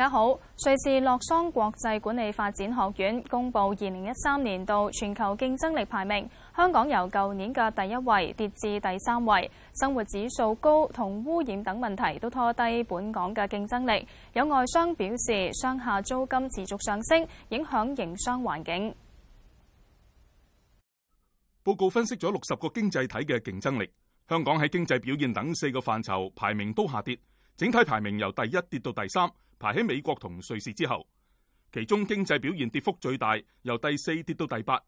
大家好。瑞士洛桑國際管理發展學院公佈二零一三年度全球競爭力排名，香港由舊年嘅第一位跌至第三位。生活指數高同污染等問題都拖低本港嘅競爭力。有外商表示，商廈租金持續上升，影響營商環境。報告分析咗六十個經濟體嘅競爭力，香港喺經濟表現等四個範疇排名都下跌，整體排名由第一跌到第三。排喺美國同瑞士之後，其中經濟表現跌幅最大，由第四跌到第八。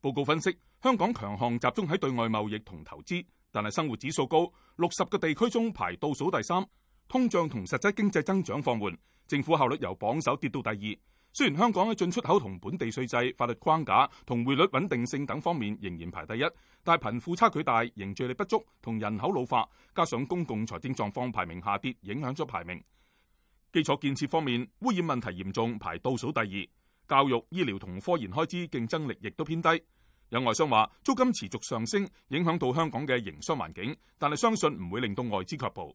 報告分析，香港強項集中喺對外貿易同投資，但係生活指數高，六十個地區中排倒數第三。通脹同實質經濟增長放緩，政府效率由榜首跌到第二。雖然香港喺進出口同本地稅制、法律框架同匯率穩定性等方面仍然排第一，但係貧富差距大、凝聚力不足同人口老化，加上公共財政狀況排名下跌，影響咗排名。基礎建設方面，污染問題嚴重，排倒數第二。教育、醫療同科研開支競爭力亦都偏低。有外商話租金持續上升，影響到香港嘅營商環境，但係相信唔會令到外資卻步。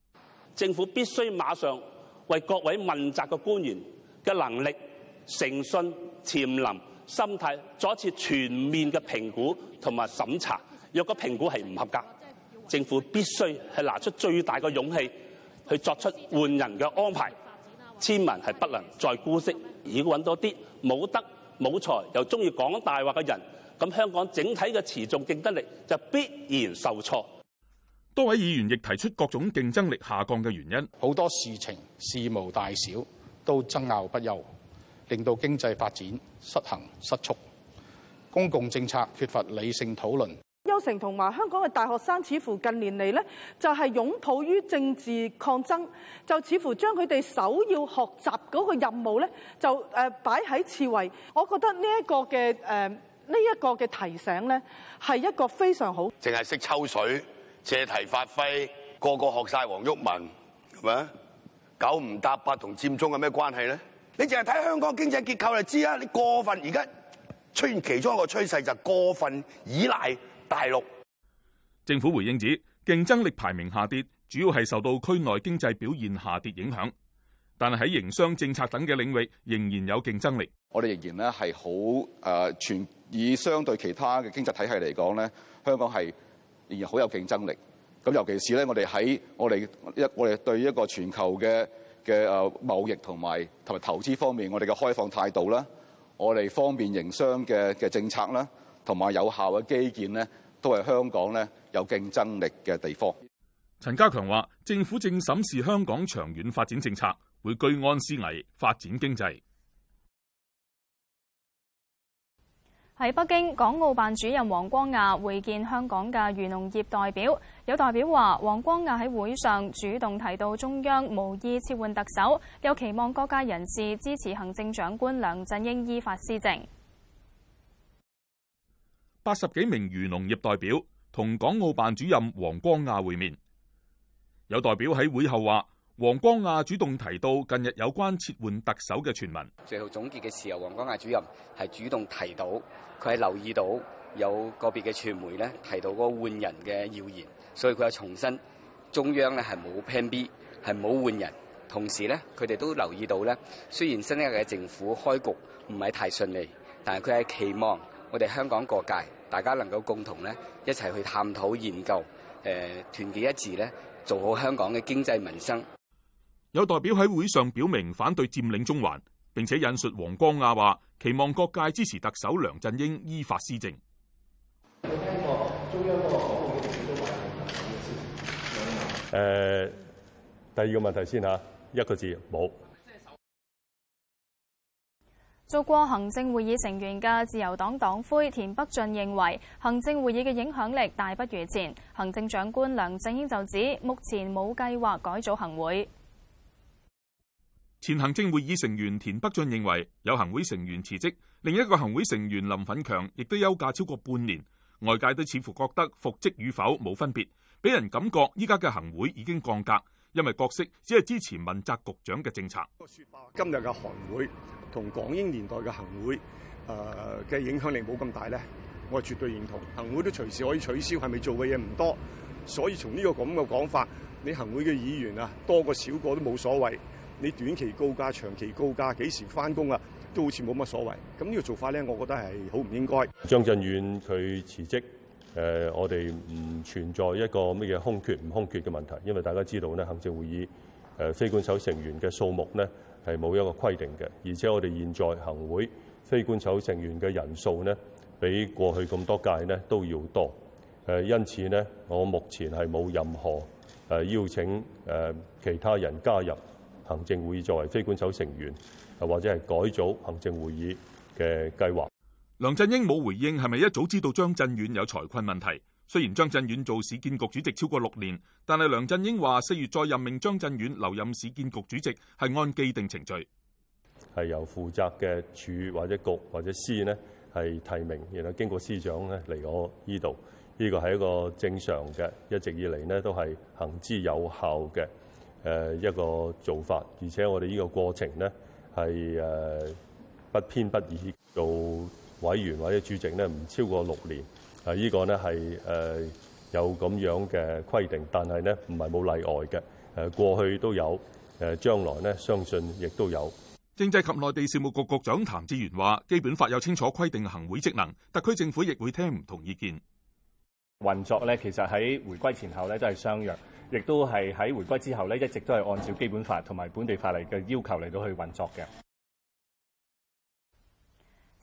政府必須馬上為各位問責嘅官員嘅能力、誠信、潛能、心態做一次全面嘅評估同埋審查。若果評估係唔合格，政府必須係拿出最大嘅勇氣去作出換人嘅安排。千萬係不能再姑息，要揾多啲冇德冇才又中意講大話嘅人，咁香港整體嘅持續競爭力就必然受挫。多位議員亦提出各種競爭力下降嘅原因，好多事情事無大小都爭拗不休，令到經濟發展失衡失速，公共政策缺乏理性討論。邱成同埋香港嘅大學生，似乎近年嚟呢，就係擁抱於政治抗爭，就似乎將佢哋首要學習嗰個任務呢，就誒擺喺次位。我覺得呢一個嘅誒呢一個嘅提醒呢，係一個非常好，淨係識抽水。借題發揮，個個學晒黃毓民，係咪九唔搭八同佔中有咩關係咧？你淨係睇香港經濟結構就知啊！你過分而家出現其中一個趨勢就過分依賴大陸。政府回應指競爭力排名下跌，主要係受到區內經濟表現下跌影響，但喺營商政策等嘅領域仍然有競爭力。我哋仍然咧係好誒，全、呃、以相對其他嘅經濟體系嚟講咧，香港係。而好有競爭力，咁尤其是咧，我哋喺我哋一我哋對一個全球嘅嘅誒貿易同埋同埋投資方面，我哋嘅開放態度啦，我哋方便營商嘅嘅政策啦，同埋有效嘅基建咧，都係香港咧有競爭力嘅地方。陳家強話：政府正審視香港長遠發展政策，會居安思危發展經濟。喺北京，港澳辦主任王光亞會見香港嘅漁農業代表。有代表話，王光亞喺會上主動提到中央無意撤換特首，又期望各界人士支持行政長官梁振英依法施政。八十幾名漁農業代表同港澳辦主任王光亞會面，有代表喺會後話。黃光亞主動提到近日有關撤換特首嘅傳聞。最後總結嘅時候，王光亞主任係主動提到，佢係留意到有個別嘅傳媒咧提到個換人嘅謠言，所以佢又重申中央咧係冇 plan B，係冇換人。同時咧，佢哋都留意到咧，雖然新一嘅政府開局唔係太順利，但係佢係期望我哋香港各界大家能夠共同咧一齊去探討研究，誒、呃、團結一致咧做好香港嘅經濟民生。有代表喺會上表明反對佔領中環，並且引述王光亞話，期望各界支持特首梁振英依法施政。誒、呃，第二個問題先吓，一個字冇。沒有做過行政會議成員嘅自由黨黨魁田北俊認為行政會議嘅影響力大不如前。行政長官梁振英就指目前冇計劃改組行會。前行政會議成員田北俊認為有行會成員辭職，另一個行會成員林奮強亦都休假超過半年。外界都似乎覺得復職與否冇分別，俾人感覺依家嘅行會已經降格，因為角色只係支持問責局長嘅政策。今日嘅行會同港英年代嘅行會，誒、呃、嘅影響力冇咁大呢，我絕對認同行會都隨時可以取消，係咪做嘅嘢唔多？所以從呢個咁嘅講法，你行會嘅議員啊多過少過都冇所謂。你短期告假長期告假幾時翻工啊？都好似冇乜所謂，咁呢個做法咧，我覺得係好唔應該。張震遠佢辭職誒，我哋唔存在一個乜嘢空缺唔空缺嘅問題，因為大家知道咧，行政會議誒、呃、非官守成員嘅數目咧，係冇一個規定嘅，而且我哋現在行會非官守成員嘅人數咧，比過去咁多屆咧都要多。誒、呃，因此咧，我目前係冇任何誒、呃、邀請誒、呃、其他人加入。行政會議作為非官守成員，或者係改組行政會議嘅計劃。梁振英冇回應係咪一早知道張振遠有財困問題。雖然張振遠做市建局主席超過六年，但係梁振英話四月再任命張振遠留任市建局主席係按既定程序，係由負責嘅處或者局或者司呢係提名，然後經過司長咧嚟我呢度，呢個係一個正常嘅，一直以嚟呢都係行之有效嘅。誒一個做法，而且我哋呢個過程呢，係誒不偏不倚，做委員或者主席呢，唔超過六年。誒、這、呢個呢，係誒有咁樣嘅規定，但係呢，唔係冇例外嘅。誒過去都有，誒將來呢，相信亦都有。政制及內地事務局局長譚志源話：基本法有清楚規定行會職能，特區政府亦會聽唔同意見。運作咧。其實喺回歸前後咧都係相若。亦都係喺回歸之後呢，一直都係按照基本法同埋本地法例嘅要求嚟到去運作嘅。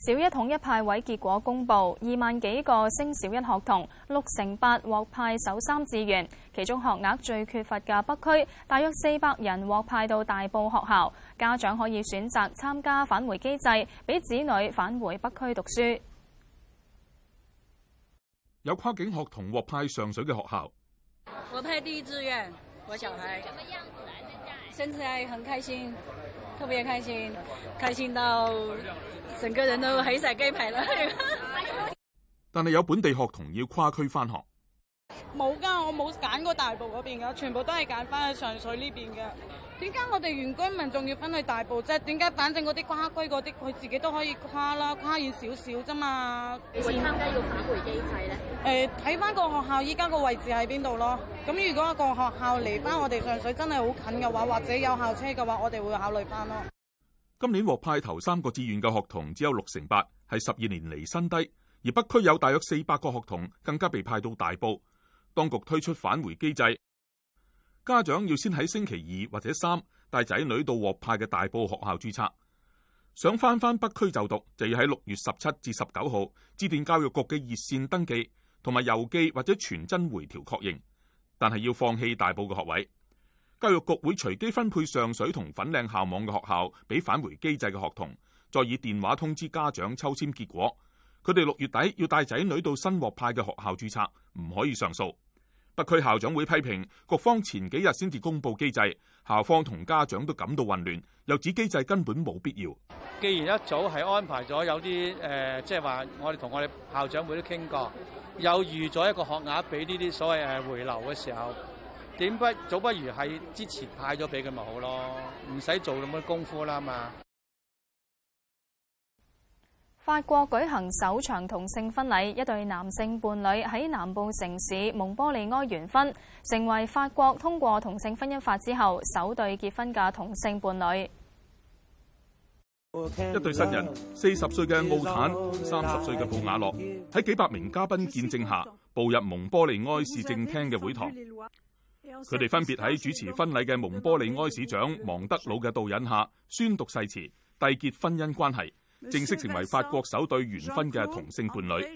小一統一派位結果公佈，二萬幾個升小一學童，六成八獲派首三志願。其中學額最缺乏嘅北區，大約四百人獲派到大埔學校。家長可以選擇參加返回機制，俾子女返回北區讀書。有跨境學童獲派上水嘅學校。我派第一志願，我小孩現在很開心，特別開心，開心到整個人都起晒雞皮啦。 但係有本地學童要跨區翻學，冇噶、啊，我冇揀過大埔嗰邊噶，全部都係揀翻去上水呢邊噶。點解我哋原居民仲要分去大埔？啫？係點解？反正嗰啲跨區嗰啲，佢自己都可以跨啦，跨越跨遠少少啫嘛。會參加要返回機制咧？誒、呃，睇翻個學校依家個位置喺邊度咯。咁如果一個學校離翻我哋上水真係好近嘅話，或者有校車嘅話，我哋會考慮翻咯。今年獲派頭三個志願嘅學童只有六成八，係十二年嚟新低。而北區有大約四百個學童更加被派到大埔，當局推出返回機制。家長要先喺星期二或者三帶仔女到獲派嘅大埔學校註冊，想返返北區就讀就要喺六月十七至十九號致電教育局嘅熱線登記，同埋郵寄或者傳真回條確認，但係要放棄大埔嘅學位。教育局會隨機分配上水同粉嶺校網嘅學校俾返回機制嘅學童，再以電話通知家長抽籤結果。佢哋六月底要帶仔女到新獲派嘅學校註冊，唔可以上訴。北區校長會批評，局方前幾日先至公布機制，校方同家長都感到混亂，又指機制根本冇必要。既然一早係安排咗有啲誒，即係話我哋同我哋校長會都傾過，又預咗一個學額俾呢啲所謂誒回流嘅時候，點不早不如喺之前派咗俾佢咪好咯，唔使做咁多功夫啦嘛。法國舉行首場同性婚禮，一對男性伴侶喺南部城市蒙波利埃完婚，成為法國通過同性婚姻法之後首對結婚嘅同性伴侶。一對新人，四十歲嘅奧坦，三十歲嘅布瓦洛，喺幾百名嘉賓見證下，步入蒙波利埃市政廳嘅會堂。佢哋分別喺主持婚禮嘅蒙波利埃市長芒德魯嘅導引下，宣讀誓詞，締結婚姻關係。正式成為法國首對完婚嘅同性伴侶，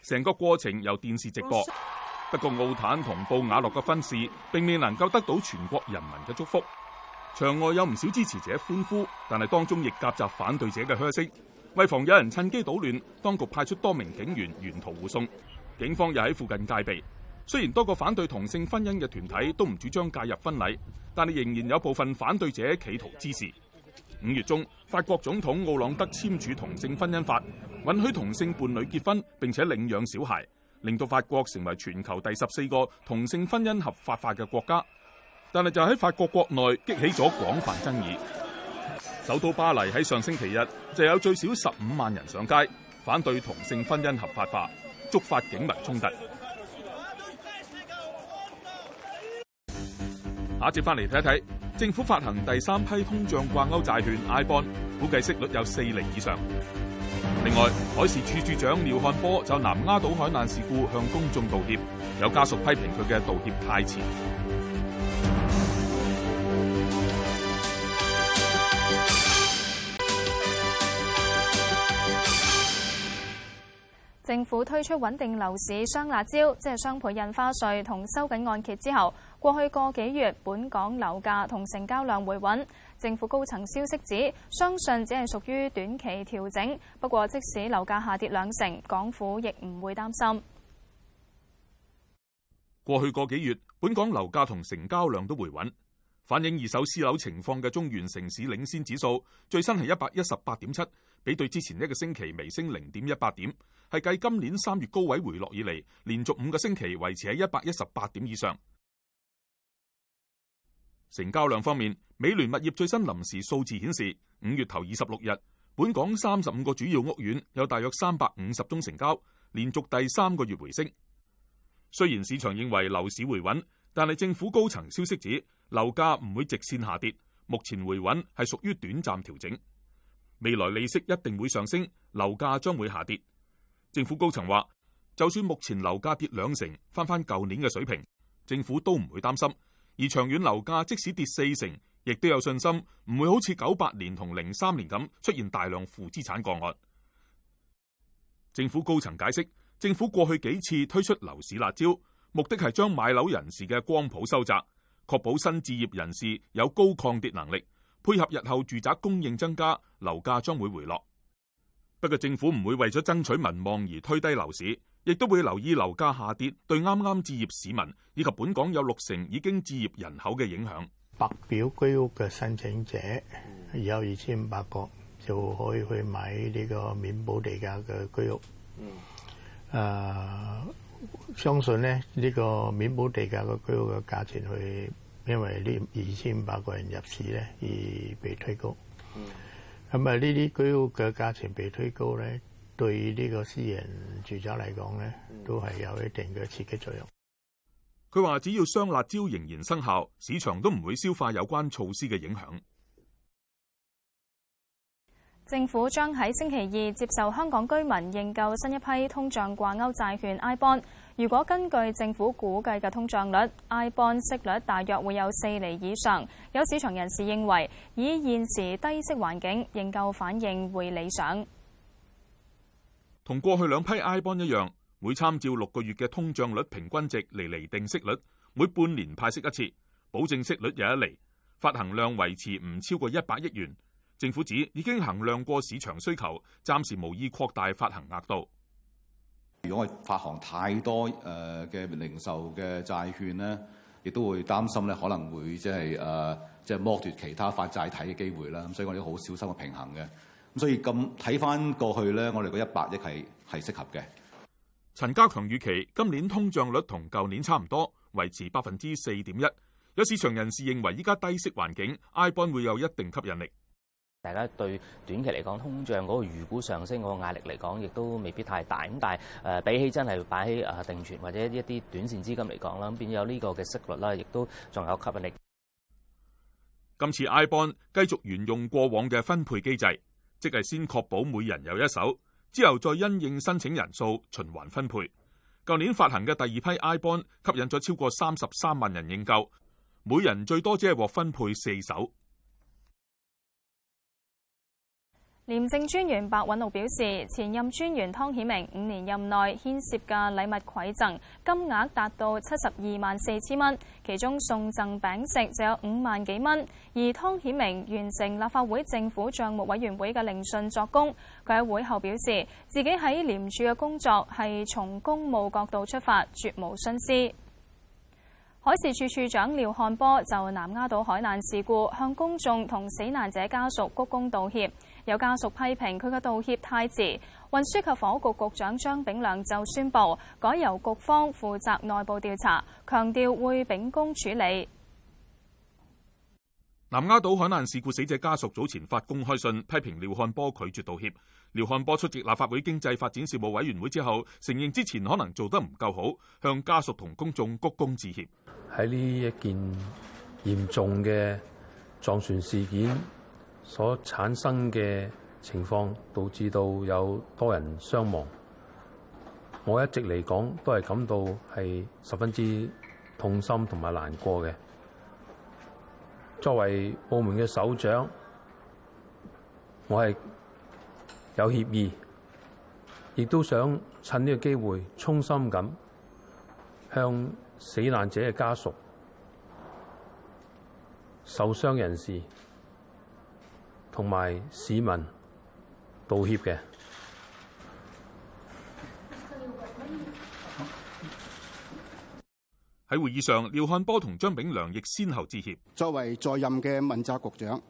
成個過程由電視直播。不過奧坦同布瓦洛嘅婚事，並未能夠得到全國人民嘅祝福。場外有唔少支持者歡呼，但係當中亦夾雜反對者嘅噓聲。為防有人趁機搗亂，當局派出多名警員沿途護送，警方又喺附近戒備。雖然多個反對同性婚姻嘅團體都唔主張介入婚禮，但係仍然有部分反對者企圖滋事。五月中，法國總統奧朗德簽署同性婚姻法，允許同性伴侶結婚，並且領養小孩，令到法國成為全球第十四個同性婚姻合法化嘅國家。但係就喺法國國內激起咗廣泛爭議。首都巴黎喺上星期日就有最少十五萬人上街反對同性婚姻合法化，觸發警民衝突。下一節翻嚟睇一睇。政府發行第三批通脹掛鈎債券 iBond 估計息率有四厘以上。另外，海事處處長廖漢波就南丫島海難事故向公眾道歉，有家屬批評佢嘅道歉太遲。政府推出穩定樓市雙辣椒，即係雙倍印花稅同收緊按揭之後。過去個幾月，本港樓價同成交量回穩。政府高層消息指，相信只係屬於短期調整。不過，即使樓價下跌兩成，港府亦唔會擔心。過去個幾月，本港樓價同成交量都回穩，反映二手私樓情況嘅中原城市領先指數最新係一百一十八點七，比對之前一個星期微升零點一八點，係計今年三月高位回落以嚟，連續五個星期維持喺一百一十八點以上。成交量方面，美聯物業最新臨時數字顯示，五月頭二十六日，本港三十五個主要屋苑有大約三百五十宗成交，連續第三個月回升。雖然市場認為樓市回穩，但係政府高層消息指，樓價唔會直線下跌，目前回穩係屬於短暫調整。未來利息一定會上升，樓價將會下跌。政府高層話，就算目前樓價跌兩成，翻翻舊年嘅水平，政府都唔會擔心。而長遠樓價即使跌四成，亦都有信心，唔會好似九八年同零三年咁出現大量負資產個案。政府高層解釋，政府過去幾次推出樓市辣招，目的係將買樓人士嘅光譜收窄，確保新置業人士有高抗跌能力，配合日後住宅供應增加，樓價將會回落。不過政府唔會為咗爭取民望而推低樓市。亦都會留意樓價下跌對啱啱置業市民以及本港有六成已經置業人口嘅影響。白表居屋嘅申請者有二千五百個，就可以去買呢個免補地價嘅居屋。嗯，誒、呃，相信咧呢、這個免補地價嘅居屋嘅價錢會因為呢二千五百個人入市咧而被推高。嗯，咁啊呢啲居屋嘅價錢被推高咧。對呢個私人住宅嚟講呢都係有一定嘅刺激作用。佢話：只要雙辣椒仍然生效，市場都唔會消化有關措施嘅影響。政府將喺星期二接受香港居民認購新一批通脹掛鈎債券 iBond。如果根據政府估計嘅通脹率，iBond 息率大約會有四厘以上。有市場人士認為，以現時低息環境，認購反應會理想。同過去兩批 iBond 一樣，每參照六個月嘅通脹率平均值嚟釐定息率，每半年派息一次，保證息率有一釐。發行量維持唔超過一百億元。政府指已經衡量過市場需求，暫時無意擴大發行額度。如果我發行太多誒嘅零售嘅債券呢，亦都會擔心咧，可能會即係誒即係剝奪其他發債體嘅機會啦。所以我哋好小心嘅平衡嘅。所以咁睇翻過去咧，我哋個一百億係係適合嘅。陳家強預期今年通脹率同舊年差唔多，維持百分之四點一。有市場人士認為，依家低息環境，iBond 會有一定吸引力。大家對短期嚟講，通脹嗰個預估上升嗰個壓力嚟講，亦都未必太大。咁但係誒，比起真係擺喺啊定存或者一啲短線資金嚟講啦，咁變咗呢個嘅息率啦，亦都仲有吸引力。今次 iBond 繼續沿用過往嘅分配機制。即係先確保每人有一手，之後再因應申請人數循環分配。舊年發行嘅第二批 iBond 吸引咗超過三十三萬人認購，每人最多只係獲分配四手。廉政專員白韞六表示，前任專員湯顯明五年任內牽涉嘅禮物饋贈金額達到七十二萬四千蚊，其中送贈餅食就有五萬幾蚊。而湯顯明完成立法會政府賬目委員會嘅聆訊作供，佢喺會後表示，自己喺廉署嘅工作係從公務角度出發，絕無徇私。海事處處長廖漢波就南丫島海難事故向公衆同死難者家屬鞠躬道歉。有家屬批評佢嘅道歉太遲，運輸及房屋局局長張炳良就宣布改由局方負責內部調查，強調會秉公處理。南丫島海難事故死者家屬早前發公開信批評廖漢波拒絕道歉。廖漢波出席立法會經濟發展事務委員會之後，承認之前可能做得唔夠好，向家屬同公眾鞠躬致歉。喺呢一件嚴重嘅撞船事件，所產生嘅情況，導致到有多人傷亡，我一直嚟講都係感到係十分之痛心同埋難過嘅。作為澳門嘅首長，我係有歉意，亦都想趁呢個機會，衷心咁向死難者嘅家屬、受傷人士，同埋市民道歉嘅。喺會議上，廖漢波同張炳良亦先後致歉。作為在任嘅問責局長，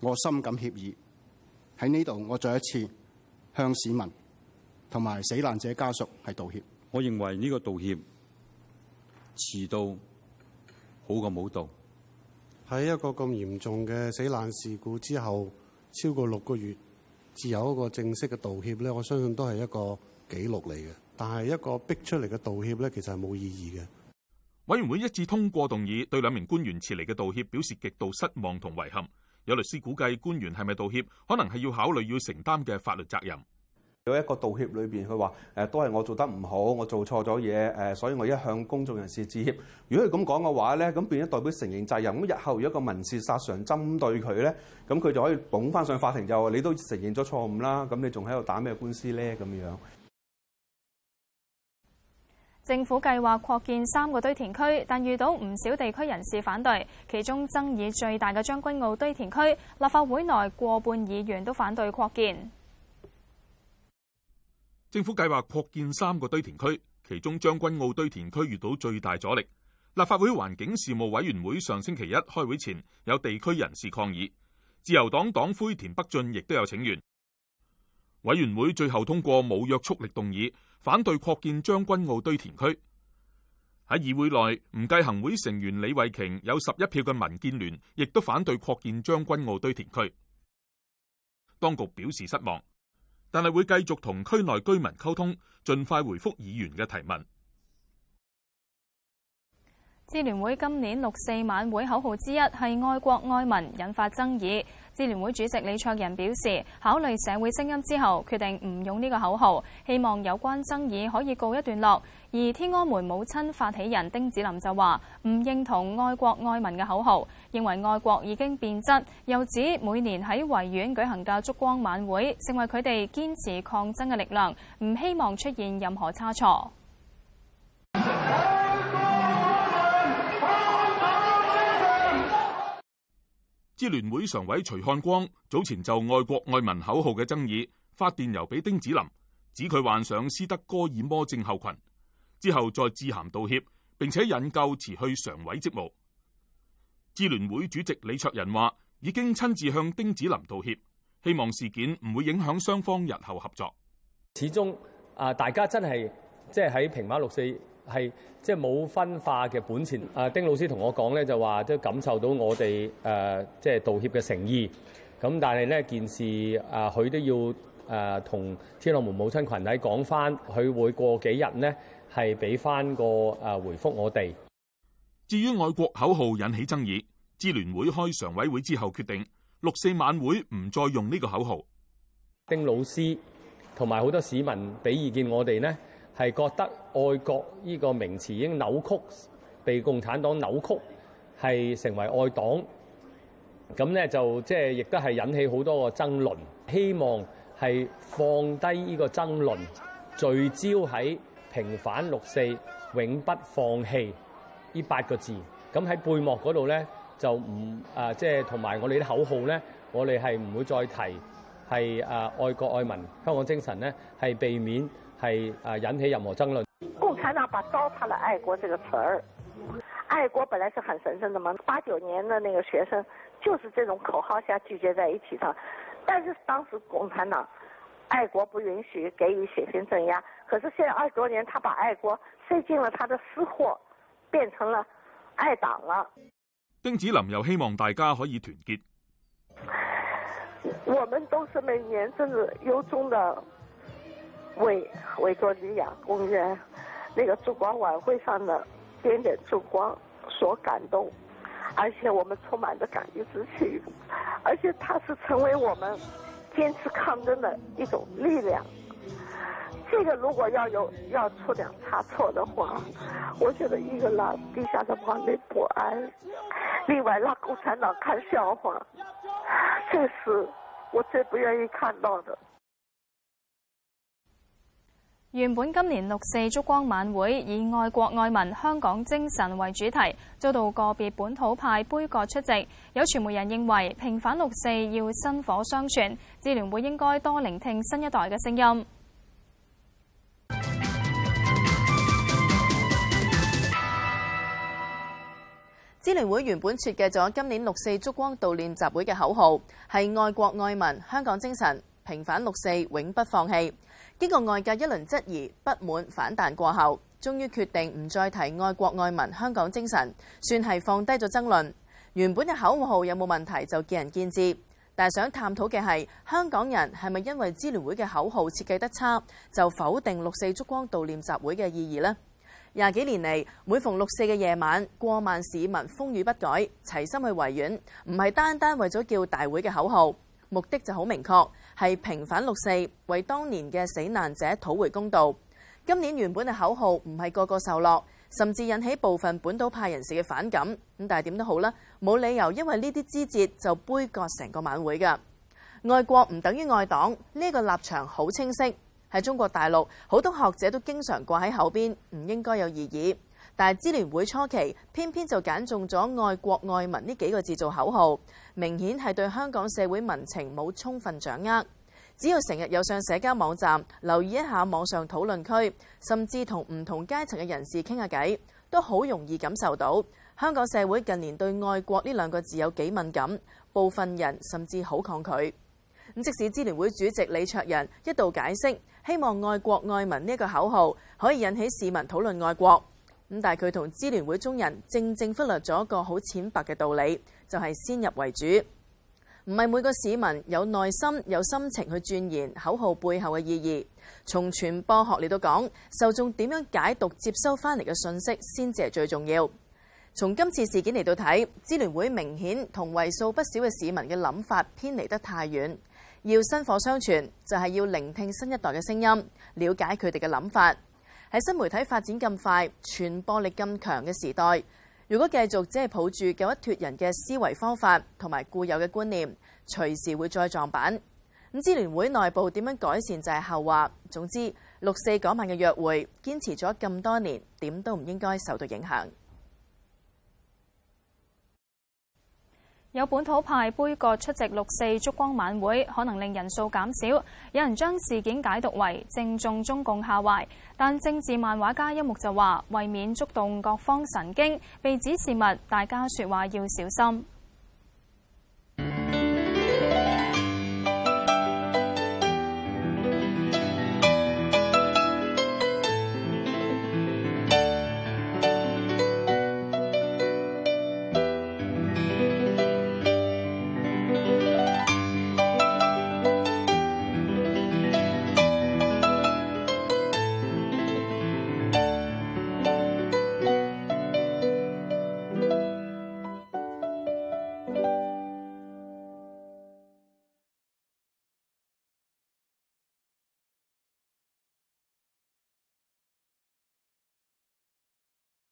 我深感歉意。喺呢度，我再一次向市民同埋死難者家屬係道歉。我認為呢個道歉遲到，好過冇到。喺一個咁嚴重嘅死難事故之後，超過六個月至有一個正式嘅道歉咧，我相信都係一個紀錄嚟嘅。但係一個逼出嚟嘅道歉咧，其實係冇意義嘅。委員會一致通過動議，對兩名官員遲嚟嘅道歉表示極度失望同遺憾。有律師估計，官員係咪道歉，可能係要考慮要承擔嘅法律責任。有一個道歉裏邊，佢話誒，都係我做得唔好，我做錯咗嘢誒，所以我一向公眾人士致歉。如果佢咁講嘅話咧，咁變咗代表承認責任。咁日後如果個民事索償針對佢咧，咁佢就可以捧翻上法庭，就話你都承認咗錯誤啦，咁你仲喺度打咩官司咧？咁樣。政府計劃擴建三個堆填區，但遇到唔少地區人士反對。其中爭議最大嘅將軍澳堆填區，立法會內過半議員都反對擴建。政府計劃擴建三個堆填區，其中將軍澳堆填區遇到最大阻力。立法會環境事務委員會上星期一開會前，有地區人士抗議，自由黨黨魁田北俊亦都有請願。委員會最後通過冇約束力動議，反對擴建將軍澳堆填區。喺議會內，唔計行會成員李慧瓊有十一票嘅民建聯亦都反對擴建將軍澳堆填區。當局表示失望。但係會繼續同區內居民溝通，盡快回覆議員嘅提問。支聯會今年六四晚會口號之一係愛國愛民，引發爭議。支聯會主席李卓人表示，考慮社會聲音之後，決定唔用呢個口號，希望有關爭議可以告一段落。而天安門母親發起人丁子霖就話：唔認同愛國愛民嘅口號，認為愛國已經變質。又指每年喺維園舉行嘅燭光晚會，成為佢哋堅持抗爭嘅力量，唔希望出現任何差錯。支聯會常委徐漢光早前就愛國愛民口號嘅爭議發電郵俾丁子霖，指佢患上斯德哥爾摩症候群，之後再致函道歉，並且引咎辭去常委職務。支聯會主席李卓人話已經親自向丁子霖道歉，希望事件唔會影響雙方日後合作。始終啊，大家真係即係喺平反六四。係即係冇分化嘅本錢。啊、呃，丁老師同我講咧，就話都感受到我哋誒即係道歉嘅誠意。咁但係呢件事啊，佢、呃、都要誒同、呃、天安門母親群體講翻，佢會過幾日呢，係俾翻個誒回覆我哋。至於愛國口號引起爭議，支聯會開常委會之後決定六四晚會唔再用呢個口號。丁老師同埋好多市民俾意見我哋呢。係覺得愛國呢個名詞已經扭曲，被共產黨扭曲，係成為愛黨。咁咧就即係亦都係引起好多個爭論，希望係放低呢個爭論，希望係放低呢個爭論，聚焦喺平反六四、永不放棄呢八個字。咁喺背幕嗰度咧就唔啊，即係同埋我哋啲口號咧，我哋係唔會再提係啊愛國愛民香港精神咧，係避免。是誒，引起任何爭論。共產黨把糟蹋了愛國這個詞兒，愛國本來是很神聖的嘛。八九年的那個學生就是這種口號下聚集在一起上，但是當時共產黨愛國不允許，給予血腥鎮壓。可是現在二十多年，他把愛國塞進了他的私貨，變成了愛黨了。丁子霖又希望大家可以團結。我們都是每年甚至由衷的。為維多利亞公園那個燭光晚會上的點點燭光所感動，而且我們充滿着感激之情，而且它是成為我們堅持抗爭的一種力量。這個如果要有要出點差錯的話，我覺得一個讓地下的國內不安，另外讓共產黨看笑話，這是我最不願意看到的。原本今年六四燭光晚會以愛國愛民香港精神為主題，遭到個別本土派杯葛出席。有傳媒人認為，平反六四要薪火相傳，支聯會應該多聆聽新一代嘅聲音。支聯會原本設計咗今年六四燭光悼念集會嘅口號，係愛國愛民香港精神。平反六四，永不放棄，經過外界一輪質疑、不滿反彈過後，終於決定唔再提愛國愛民香港精神，算係放低咗爭論。原本嘅口號有冇問題就見仁見智，但係想探討嘅係香港人係咪因為支聯會嘅口號設計得差，就否定六四燭光悼念集會嘅意義呢？廿幾年嚟，每逢六四嘅夜晚，過萬市民風雨不改，齊心去維園，唔係單單為咗叫大會嘅口號，目的就好明確。係平反六四，為當年嘅死難者討回公道。今年原本嘅口號唔係個個受落，甚至引起部分本土派人士嘅反感。咁但係點都好啦，冇理由因為呢啲枝節就杯葛成個晚會嘅。愛國唔等於愛黨，呢個立場好清晰。喺中國大陸，好多學者都經常掛喺口邊，唔應該有異議。但係，支聯會初期偏偏就揀中咗愛國愛民呢幾個字做口號，明顯係對香港社會民情冇充分掌握。只要成日有上社交網站留意一下網上討論區，甚至同唔同階層嘅人士傾下偈，都好容易感受到香港社會近年對愛國呢兩個字有幾敏感，部分人甚至好抗拒。咁即使支聯會主席李卓人一度解釋，希望愛國愛民呢個口號可以引起市民討論愛國。咁但係佢同支聯會中人正正忽略咗一個好淺白嘅道理，就係先入為主，唔係每個市民有耐心有心情去鑽研口號背後嘅意義。從傳播學嚟到講，受眾點樣解讀接收翻嚟嘅信息先至係最重要。從今次事件嚟到睇，支聯會明顯同為數不少嘅市民嘅諗法偏離得太遠。要薪火相傳，就係要聆聽新一代嘅聲音，了解佢哋嘅諗法。喺新媒體發展咁快，傳播力咁強嘅時代，如果繼續只係抱住舊一脱人嘅思維方法同埋固有嘅觀念，隨時會再撞板。咁支聯會內部點樣改善就係後話，總之，六四嗰晚嘅約會堅持咗咁多年，點都唔應該受到影響。有本土派杯葛出席六四燭光晚會，可能令人數減少。有人將事件解讀為正中中共下懷，但政治漫畫家一幕就話，為免觸動各方神經，被指事物，大家說話要小心。